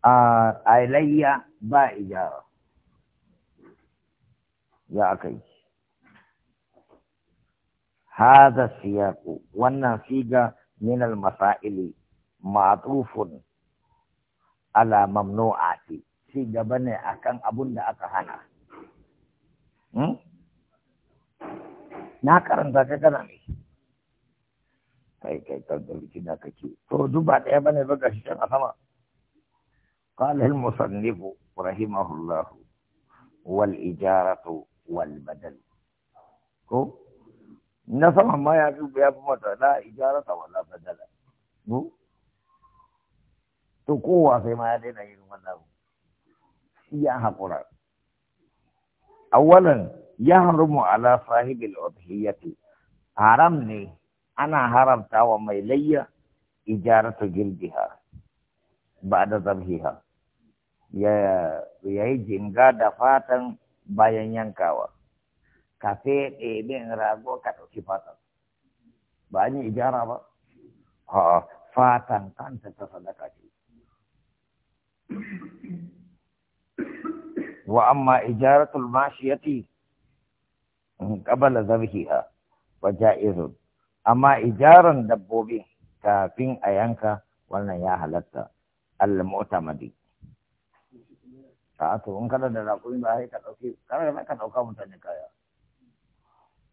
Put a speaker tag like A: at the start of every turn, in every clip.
A: a ilayya ba ijara ya aka yi haza siyaku wannan siga min al-masa'ili ma'tufun ala mamnu'ati siga ne akan abun da aka hana hmm? na karanta ka gana ne kai kai kai da liki na kake to duba ya bane ba gashi can a sama قال المصنف رحمه الله والإجارة والبدل كو نسمع ما بياب موتا لا إجارة ولا بدل مو تقوى في ما يدينا ينونه يا قرآن أولا يحرم على صاحب الأضحية حرمني أنا حرمت إلي إجارة جلدها ba da zabhiha ya yayi jinga da fatan bayan yankawa ka feɗe bin rago ka ɗauki fatan ba an yi ijara ba ha fatan kanta ta sadaka ce wa amma ijaratul mashiyati in qabala zabhiha wa ja'izun amma ijaran dabbobi kafin a yanka wannan ya halatta al-mu'tamadi ah, to in kada da raƙumi ba sai ka ɗauki kada da ka dauka mutane kaya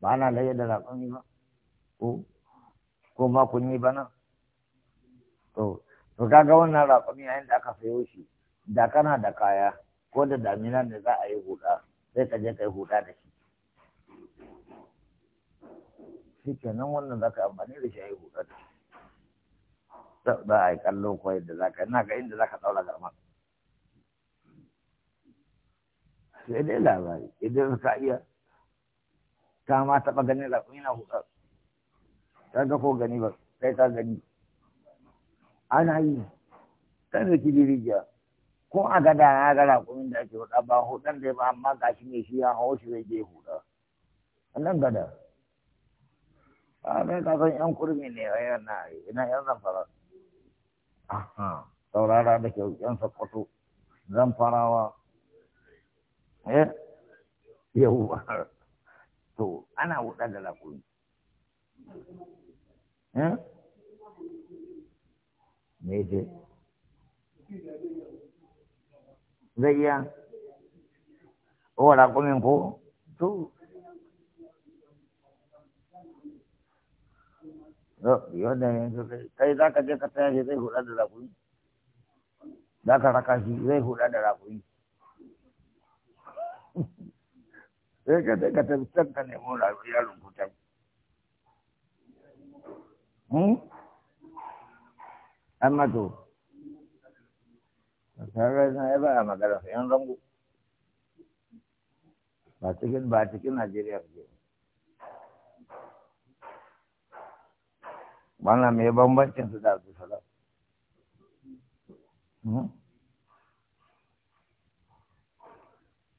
A: ba na laye da raƙumi ba ko ko ma kun yi bana to to kaga wannan raƙumi a inda aka sayo shi da kana da kaya ko da damina ne za a yi huda, sai ka je ka yi huda da shi shi kenan wannan za ka amfani da shi a yi huda da shi za yi kallo ko yadda za ina ga inda za ka ɗaura garma sai dai labari idan ka iya ta ma taɓa ganin raƙumi na ta ga ko gani ba sai ta gani ana yi ta da kidirijiya ko a gada na ga raƙumin da ake huɗa ba huɗan da ba amma ga shi ne shi ya hawo shi zai je huɗa a nan gada a mai kasan yan kurmi ne a yana yan zamfara Aha, saurara da kyau yan sakwato zan farawa. Eh, yau To, ana wuɗa da lakuni. Eh? Me ce? Zai iya? Wa lakunin ko? To, yadda yanzu kai za ka je ka taya shi zai huda da rakuni za ka raka shi zai huda da rakuni sai ka je ka tafi can ka nemo rakuni ya rubuta hmm? amma to kaga na ya ba a magana yan zango ba cikin ba cikin Najeriya وانا ميبان بان كنت دار بسلا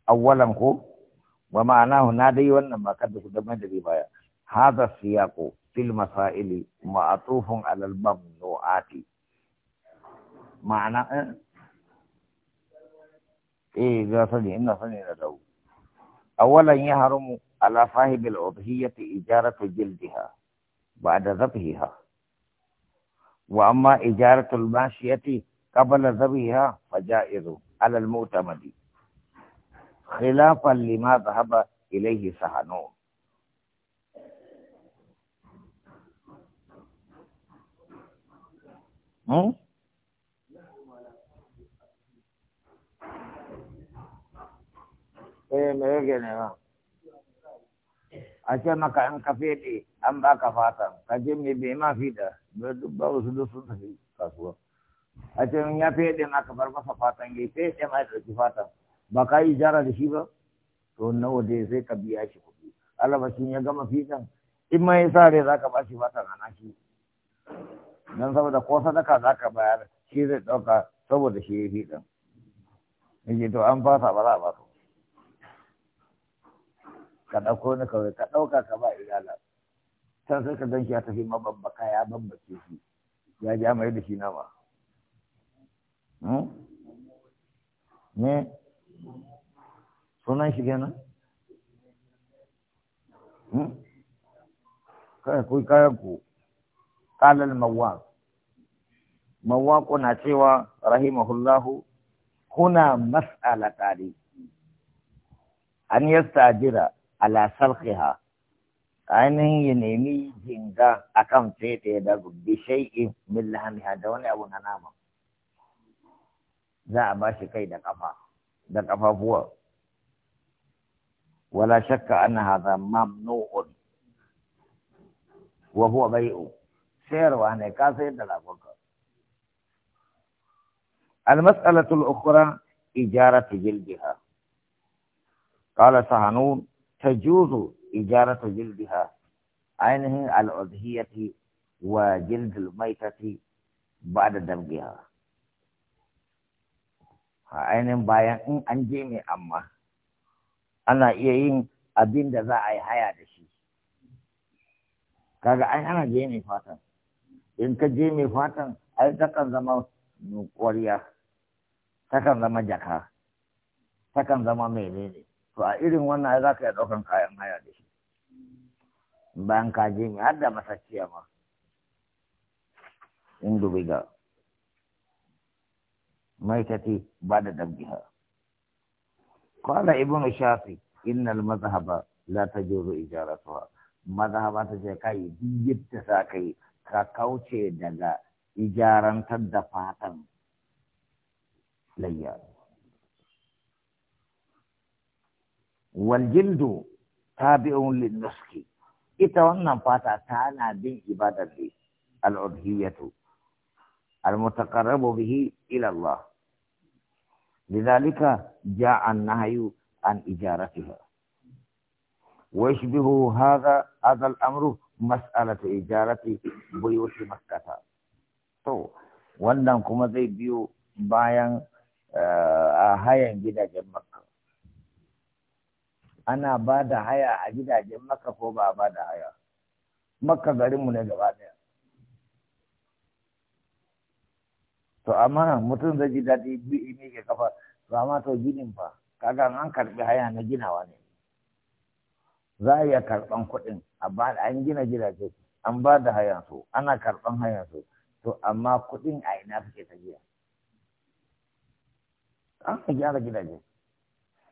A: اولا خو وما انا هنا دي وانا ما قد خد ما دي بايا هذا السياق في المسائل ما اطوف على الممنوعات معنى ايه ده صدي انا صدي انا اولا يحرم على صاحب الاضحيه اجاره جلدها بعد ذبحها wa amma ijaratul mashiyati qabla zabiha fajaizu alal mu'tamadi khilafan lima dhahaba ilayhi sahanu hmm? eh me ne ba a ce maka an ka fede an baka fata ka je mai bai ma fida duk ba wasu duk sun tafi kasuwa a ce ya fede ka bar masa fatan ya fede ma ya ɗauki fatan ba ka yi jara da shi ba to na dai sai ka biya shi kuɗi alabashin ya gama fitan in ma ya sa rai za ka ba shi fatan a nashi don saboda ko sadaka za ka bayar shi zai ɗauka saboda shi ya fitan. Yake to an fasa ba za a ba su. ka ɗauko ni kawai ka ɗauka ka ba iyala can sai ka gan shi ya tafi mababbaka ya bambace shi ya ja mai da shi nama ne hmm? sunan shi kenan hmm? kai ku kayan ku kalal mawaq mawaq na cewa rahimahullahu kuna mas'ala tare an yasta jira. على سلخها أنه ينمي جنجا أكم تيتي دقو بشيء من لهم هدون أبو ننام ذا أباشي كي دقفا دقفا فوا ولا شك أن هذا ممنوع وهو بيء سير وانه كاسي دلاغوك المسألة الأخرى إجارة جلدها قال سهنون tajuzu ijaratu ha, ainihin al’adhiyyati wa da maitati ha. A ainihin bayan in an je mai amma ana iya yin abin da za a yi haya da shi kaga ai ana je mai fatan in ka je mai fatan ai takan zama nukwariya takan zama jaka takan zama mai ne to a irin wannan ya za ka yi ɗaukan kayan haya da shi bayan ka je mai har da masacciya ma in dubi ga mai ba da dabbiha Kwana ibnu shafi innal mazhaba la tajuzu ijaratuha mazhaba ta ce kai yadda za ka yi ka kauce daga ijarantar da fatan layya والجلد تابع للنسك اتونا فاتا تانا دين عبادة دي العضهية المتقرب به إلى الله لذلك جاء النهي عن إجارتها ويشبه هذا هذا الأمر مسألة إجارة بيوت مكة تو وانا كما زي بيو باين آه هاين جدا ana ba da haya a gidajen maka ko ba ba da haya maka garinmu ne gaba ɗaya to amma mutum zai ji daɗi biyu ne ke kafa to amma to ginin fa kaga an karɓi haya na ginawa ne za a iya karɓan kuɗin a ba an gina gidaje an ba da haya su ana karɓan haya su to amma kuɗin a ina suke tafiya ƙara gyara gidaje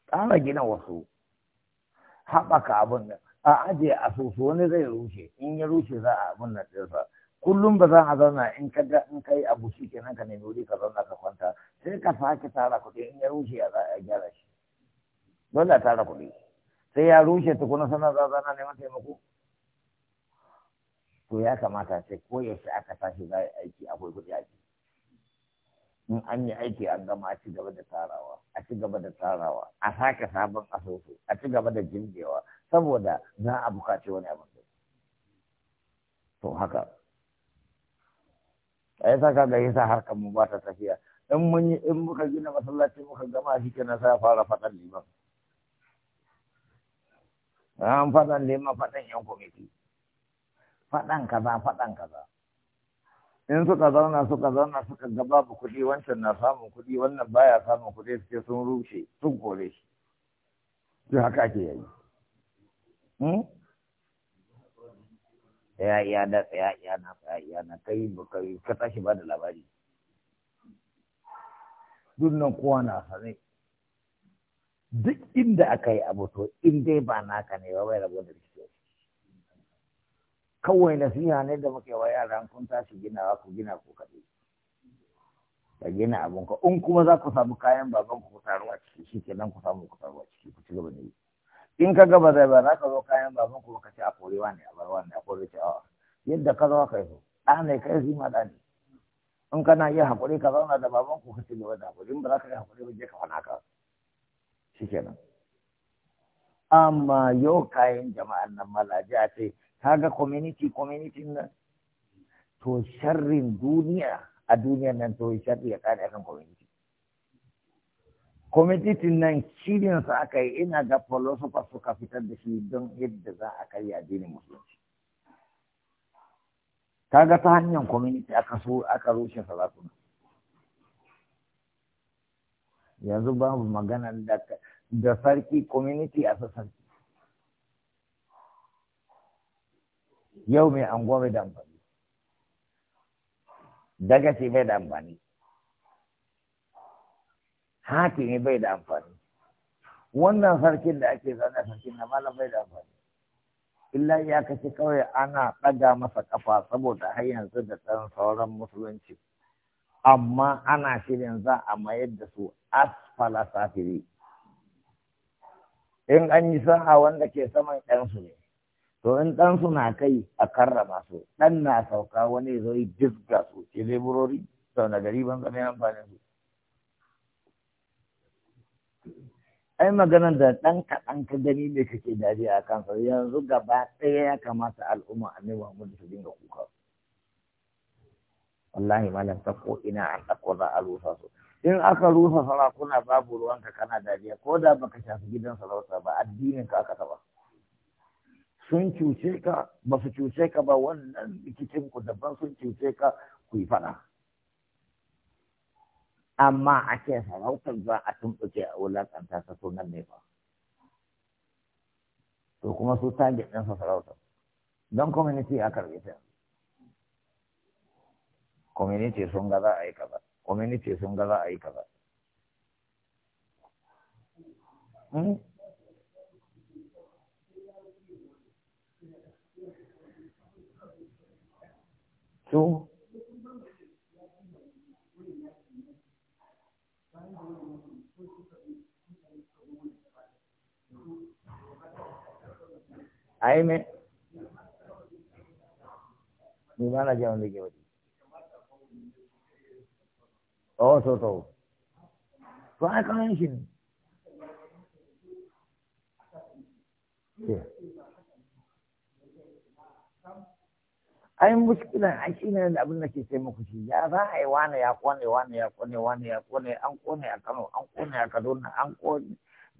A: ƙara gina wasu haɓaka abun nan a ajiye asusu wani zai rushe in ya rushe za a abin nan ɗinsa kullum ba za a zauna in ka ga in kai abu shi kenan ka nemi wuri ka zauna ka kwanta sai ka sake tara kuɗi in ya rushe ya za a gyara shi dole a tara kuɗi sai ya rushe tukuna sana za zana neman taimako to ya kamata sai koyaushe yaushe aka tashi za a yi aiki akwai kuɗi a ciki in an yi aiki an gama a ci gaba da tarawa a ci gaba da tarawa a sake sabon asusu a ci gaba da jingewa saboda za a bukaci wani abu to haka a yi saka ga yasa harkar mu ba ta tafiya in mun yi in muka gina masallaci muka gama shi nasa fara faɗan liman an faɗan liman faɗan yan kwamiti faɗan kaza faɗan kaza in suka zauna suka zauna suka ga babu kuɗi wancan na samun kuɗi wannan baya samun kuɗi suke sun rushe sun kore shi to haka ake yayi hmm? ya iya da tsaya iya na tsaya iya na kai kai ka tashi ba da labari duk nan kowa na sane duk inda aka yi abu to in dai ba naka ne ba bai rabo da kawai nasiha ne da muke wa yara kun tashi ginawa ku gina ku kaɗai ka gina abin ka in kuma za ku samu kayan baban ku kusarwa ciki shi ke nan ku samu ku taruwa ciki ku ci gaba da yi in ka gaba zai ba za ka zo kayan baban ku ka ce a korewa ne a barwa ne a kore ce a yadda ka ka kai so ɗa ne kai shi ma ɗa ne in kana yi haƙuri ka zauna da baban ku ka ci gaba da haƙuri in ba za ka yi haƙuri ba je ka fana ka shi ke nan. amma yau kayan jama'an nan malaji a ce kaga community community nan to sharrin duniya a duniya nan to sharri ya kare kan community community nan shirin sa aka yi ina ga philosopher suka fitar da shi don yadda za a kai addinin musulunci kaga ta hanyar community aka so aka rushe salatu yanzu babu magana da sarki community a sarki yau mai anguwa bai da amfani bai da amfani ne bai da amfani wannan sarkin da ake zaune sarkin na malam bai da amfani illa ya kashe kawai ana ɗaga masa kafa saboda har yanzu da ɗan sauran musulunci amma ana shirin za a mayar da su asfala safiri in an yi sa'a wanda ke saman ɗansu ne to in ɗan suna kai a karrama su ɗan na sauka wani zo yi jizga su ce leburori sau na gari ban zama amfanin su ai maganar da ɗan kaɗan ka gani ne kake dariya a kan sau yanzu gaba ɗaya ya kamata al'umma a annabi Muhammad su dinga kuka wallahi malam ta ko ina an ɗauko za a rusa su in aka rusa sarakuna babu ruwanka kana dariya ko da baka shafi gidan sarauta ba addinin ka aka taba sun cuce ka ba su cuce ka ba wannan rikicin ku daban sun cuce ka ku yi faɗa amma a ce sarautar za a tumɓuke a wulaƙanta ta sunan ne ba. to kuma su target ɗinsa sarautar don community a karɓe ta community sun ga za a yi kaza community sun ga za a yi kaza hmm? su ai me ni ba na je wanda ke oh so so to ai kan shi ne ai muskilan a shi ne da abin da ke sai muku shi ya za a yi wane ya kone wane ya kone wane ya kone an kone a kano an kone a kaduna an kone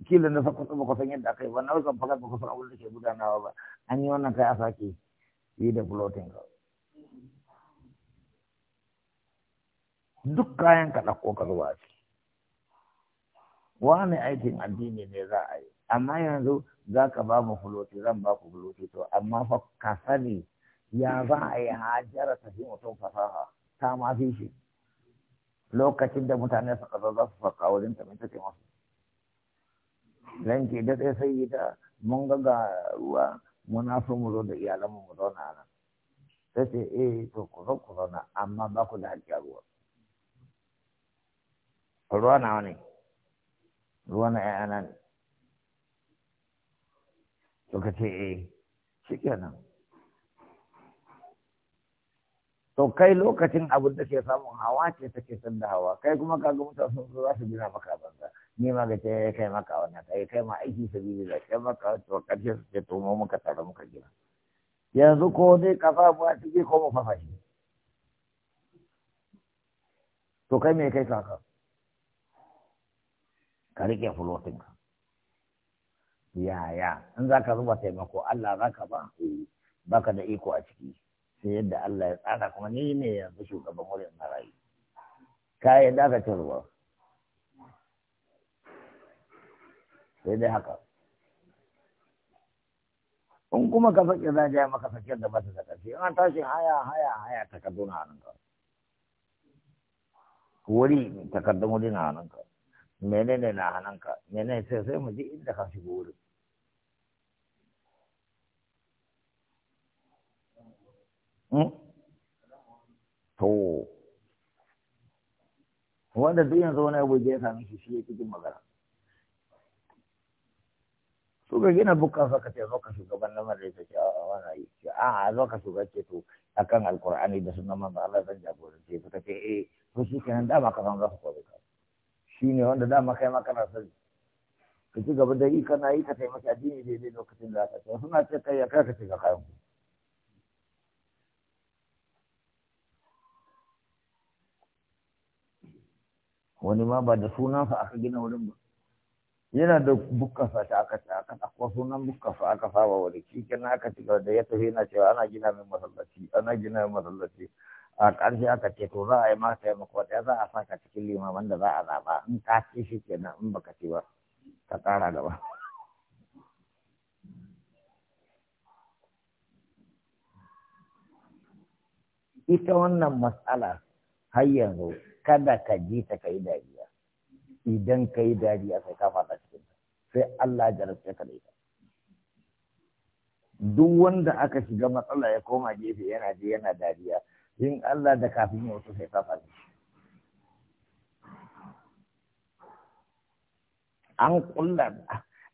A: kila na sakwasa ba kusan yadda aka yi ba na kan fagar ba kusan abin da ke gudanawa ba an yi wannan kai a sake yi da ka duk kayan ka ɗauko ka zuwa ce wani aikin addini ne za a yi amma yanzu za ka ba mu fuloti zan ba ku fuloti to amma fa ka sani ya za a yi hajjara ta fi mutum fasaha ta ma fi shi lokacin da mutane suka zo za su faka wajen ta mai take masu lanke da sai sai yi ta mun ga ruwa muna so mu zo da iyalanmu mu zauna a nan sai ce eh to ku zo ku zauna amma ba ku da hajjiyar ruwa ruwa na wani ruwa na ƴaƴana ne ka ce eh kenan to kai lokacin abin da ke samun hawa ce take san da hawa kai kuma kaga mutane sun zo za su gina maka banza ni ma ga ya eh, kai maka wannan kai kai ma aiki sabili da kai maka to karshe su ce to mu muka tare muka gina yanzu ko dai kafa ba ciki ko mu fafa shi to kai me kai saka ka rike fulotin ka yaya in za ka zuba taimako Allah za ka ba eh, baka da iko a ciki sai yadda Allah ya tsara kuma ni ne yanzu shugaban wurin marayu Ka yi aka ruwa sai dai haka in kuma ka fakir na ja maka fakir da masu da ƙarfi in an tashi haya haya haya takardun ka. wuri takardun wuri na hannun ka. menene na hannun ka? menene sai sai mu ji inda ka shigo wurin Hmm? to wanda duk yanzu wani abu ya sami shi shi ya cikin magana su ga gina bukkan suka ce zo ka shugaban na mara ta ce a wani yi ce a a zo ka shugaban ce to kan alkur'ani da sunan manzo Allah zan jagorance suka ce eh to shi kenan dama ka zan za su ka shi ne wanda dama kai ma kana sani ka ci gaba da yi kana yi ka taimaki addini daidai lokacin da aka ce suna ce kai ya kai ka ci ga kayan ku wani ma ba da fa aka gina wurin ba yana da bukkansa ta aka ta aka ɗauko sunan bukkansa aka saba wani shi na aka ci da ya tafi yana cewa ana gina min masallaci ana gina min masallaci a ƙarshe aka ce to za a yi ma taimako ɗaya za a saka cikin limaman wanda za a zaɓa in ka ce shi kenan in baka ci ba ka ƙara gaba ita wannan mas'ala har yanzu kada ka ji ta kai dariya idan kai dariya sai ka fada cikin sai Allah ya jarabce ka da ita duk wanda aka shiga matsala ya koma gefe yana je yana dariya in Allah da kafin ya wuce sai ka fada an kulla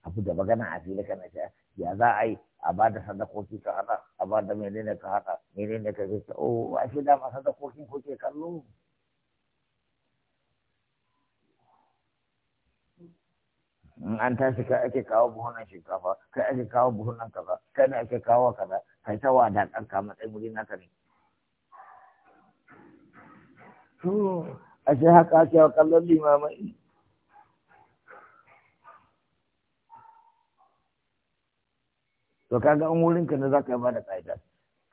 A: abu da magana a fili kana ta ya za a yi a ba da sadakoki ka hada a ba da menene ka hada menene ka ce o oh, shi da ma sadakokin ko ke kallo in an tashi kai ake kawo buhunan shinkafa kai ake kawo buhunan kaza kai ne ake kawo kaza kai ta wada kan ka matsayin wuri naka ne to ce haka ake wa kallon limamai to ka in wurin ka ne za ka yi ba da ƙa'ida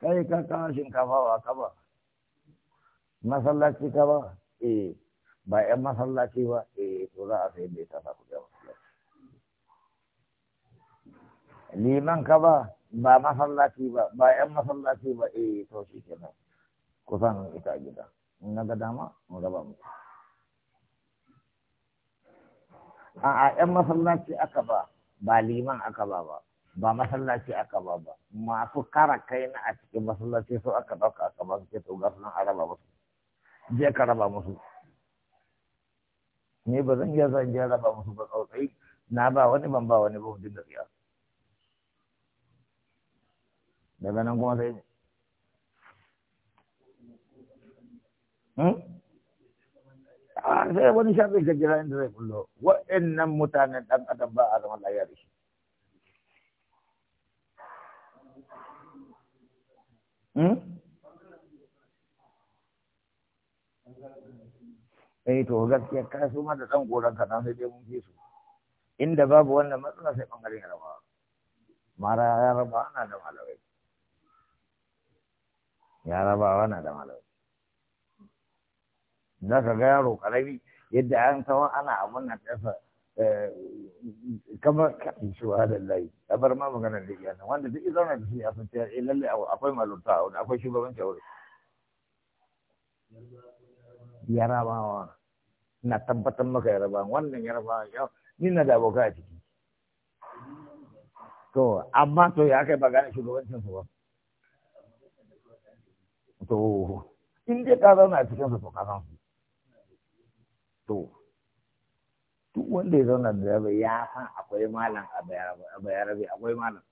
A: kai ka kawo shinkafa wa ka ba masallaci ka ba eh ba 'yan masallaci ba eh to za a sai bai ta kuɗi liman ka ba ba masallaci ba ba yan masallaci ba eh to shi nan kusan ita gida in na ga dama mu raba mu a yan masallaci aka ba ba liman aka ba ba ba masallaci aka ba ba masu kara kai na a cikin masallaci su aka dauka aka ba su to gasu nan a raba musu je ka raba musu ni ba zan iya zan je raba musu ba tsautsayi na ba wani ban ba wani ba mu dinga siyasa daga nan kuma sai hmm? ah, sai wani shafi ka jira inda zai kullo wa'annan mutanen dan adam ba a zama lafiya da shi hmm? eh to gaskiya ka su ma da dan goran ka dan sai dai mun su inda babu wannan matsala sai bangaren rawa mara ya raba ana da malamai yarabawa na da malami za ka ga yaro karami yadda an kawo ana abun na tafa eh, kamar kaɗin cewa da layi a bar ma maganar da nan wanda duk ya zauna da shi a san cewa eh lalle akwai malumta a wani akwai shugabanci a wuri yarabawa na tabbatar maka yarabawa wannan yarabawa yau ni na da abokai a ciki to amma to ya kai ba gane shugabancin su ba to in dai ka zauna a cikin su to ka san su to duk wanda ya zauna da rabe ya san akwai malam a bayarabe akwai malam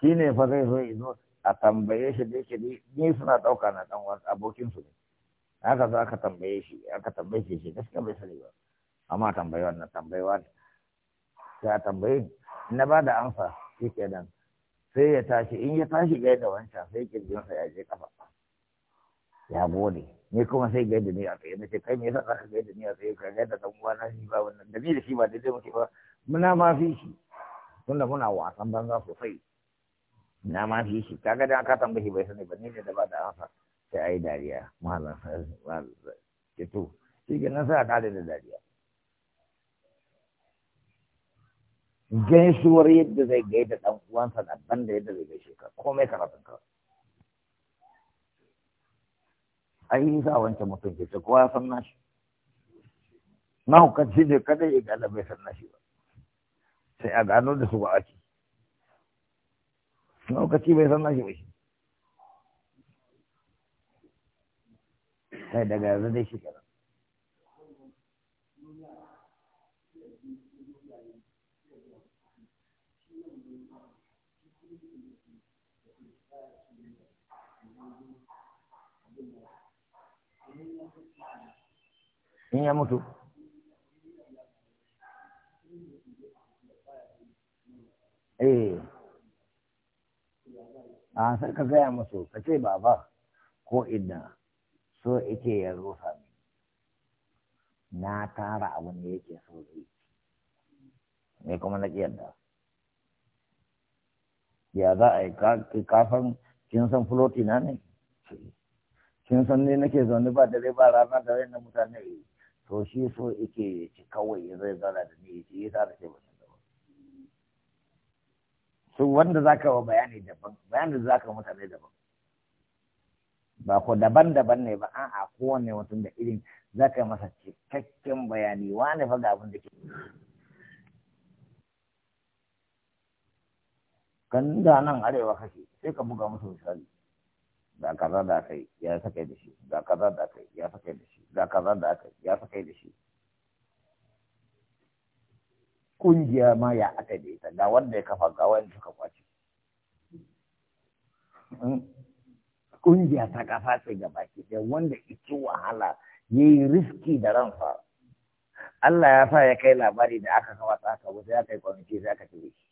A: shi ne fa zai zo izo a tambaye shi da yake ni suna ɗauka na ɗan wasu abokin su ne haka za ka tambaye shi aka tambaye shi shi gaskiya bai sani ba amma tambaye wannan tambayewa ne sai a tambaye na ba da amsa shi kenan sai ya tashi in ya tashi gai da wancan sai kirjinsa ya je kafa ya gode ni kuma sai gai da ni a tsaye na ce kai me yasa zaka gai da ni a tsaye ka gai da dan na, shi ba wannan da ni da shi ba daidai muke ba muna ma fi shi tunda muna wasan banza sosai na ma fi shi kaga da ka tambaye bai sani ba ni ne da ba da ansa sai ai dariya mahalan sai to shi ke nan sai a da dariya gaisuwar yadda zai gaida ɗan uwansa daban da yadda zai gaishe ka komai karatun ka ai sa wancan mutum ke ce kowa ya san nashi na hukanci ne kada ya gada bai san nashi ba sai a gano da su ba ake na hukanci bai san nashi ba shi sai daga yanzu dai shi kenan in ya mutu eh a sai ka gaya musu ka ce baba ko idan so yake ya rufa na tara abin da yake so zai ne kuma na ƙiyar da ya za a yi kafan kin san floti na ne kin san ne nake zaune ba dare ba rana da na mutane to shi so yake ci kawai ya zai zara da ni shi ya da ce ba su wanda zaka wa bayani daban bayani da zaka mutane daban ba ko daban-daban ne ba a'a kowanne mutum da irin zaka masa cikakken bayani wani fa ga abin da ke kan da nan arewa kake sai ka buga musu misali da kaza da kai ya saka da shi da kaza da kai ya saka da shi da kaza da kai ya saka da shi kungiya ma ya aka da ita ga wanda ya kafa ga wanda suka kwace kungiya hmm? ta kafa ce ga baki da wanda iki wahala yayi riski da ransa Allah ya sa ya kai labari da aka kawata aka wuce ya kai kwamiti sai aka cire shi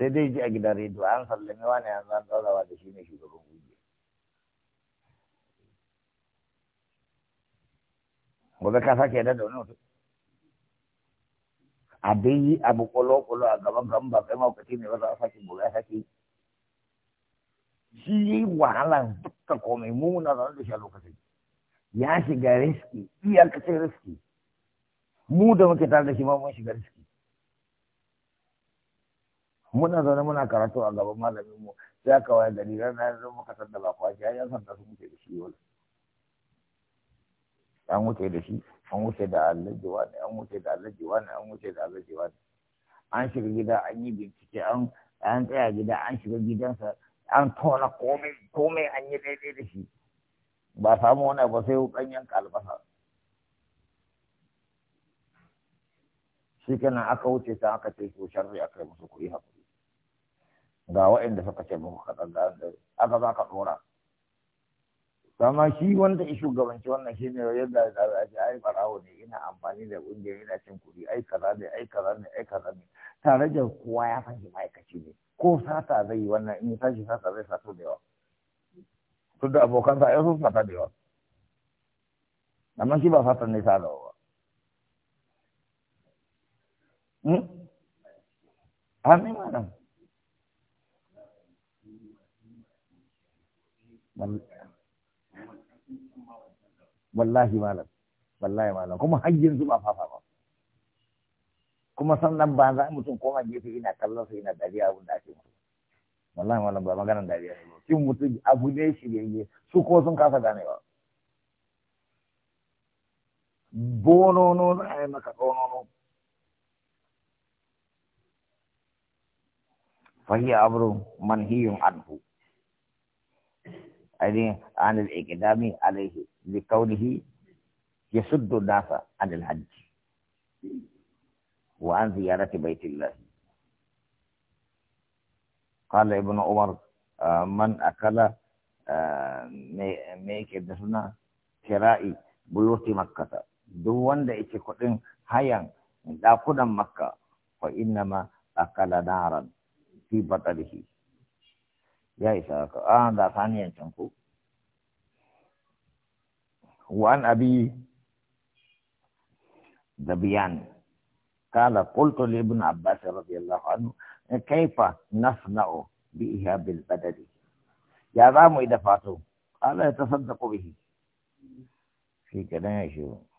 A: sai dai ji a gidan rediyo an sallame wani an zan ɗaurawa da shi ne shugaban ƙungiya gobe ka sake yadda da wani mutum a dai yi abu kwalo kolo a gaban kan ba kai maukaci ne ba za a sake gobe a sake shi yi wahalan dukka komai muna zan da shi a lokacin ya shiga riski iyakacin riski mu da muke tare da shi ma mun shiga riski muna zaune muna karatu a gaban malamin mu sai aka waye gari na yanzu muka san da ba ya san da sun wuce da shi wala an wuce da shi an wuce da alaji wani an wuce da alaji wani an wuce da alaji wani an shiga gida an yi bincike an an tsaya gida an shiga gidansa an tona komai komai an yi daidai da shi ba samu wani ba sai wukan yanka albasa shi kenan aka wuce ta aka ce to sharri aka yi musu kuɗi haka ga waɗanda suka ce muku kaɗan da aka za ka ɗora dama shi wanda ya shugabanci wannan shi ne yadda da a ce ai barawo ne ina amfani da ƙungiya ina cin kuɗi ai kaza ne ai kaza ne ai kaza ne tare da kowa ya san ma'aikaci ne ko sata zai yi wannan in ya shi sata zai sato da yawa tun da abokansa ya sun sata da yawa amma shi ba sata ne sa da ba hmm? Amin, madam. wallahi malam wallahi malam kuma hajjin yanzu ba fafa ba kuma sannan ba za mutum koma gefe ina kallon sa ina dariya abin da ake mutu wallahi malam ba maganar dariya ne kin mutu abu ne shi shiryayye su ko sun kasa ba? bonono za a yi maka tsonono fahiya abrun manhiyun anhu ainihin anil ikidami alaihi bi kaunihi ya suddu nasa anil hajji wa an ziyarati baitillah qala ibn umar man akala me ke da suna kira'i buyoti makkata duk wanda yake kuɗin hayan dakunan makka fa ma akala naran fi batalihi ya isa haka ah, a da saniyan can ku wan abi da biyan kala qultu li ibn abbas radiyallahu anhu kayfa nasna'u bi ihabil badadi ya zamu idafatu ala tasaddaqu bihi shi kadan ya shi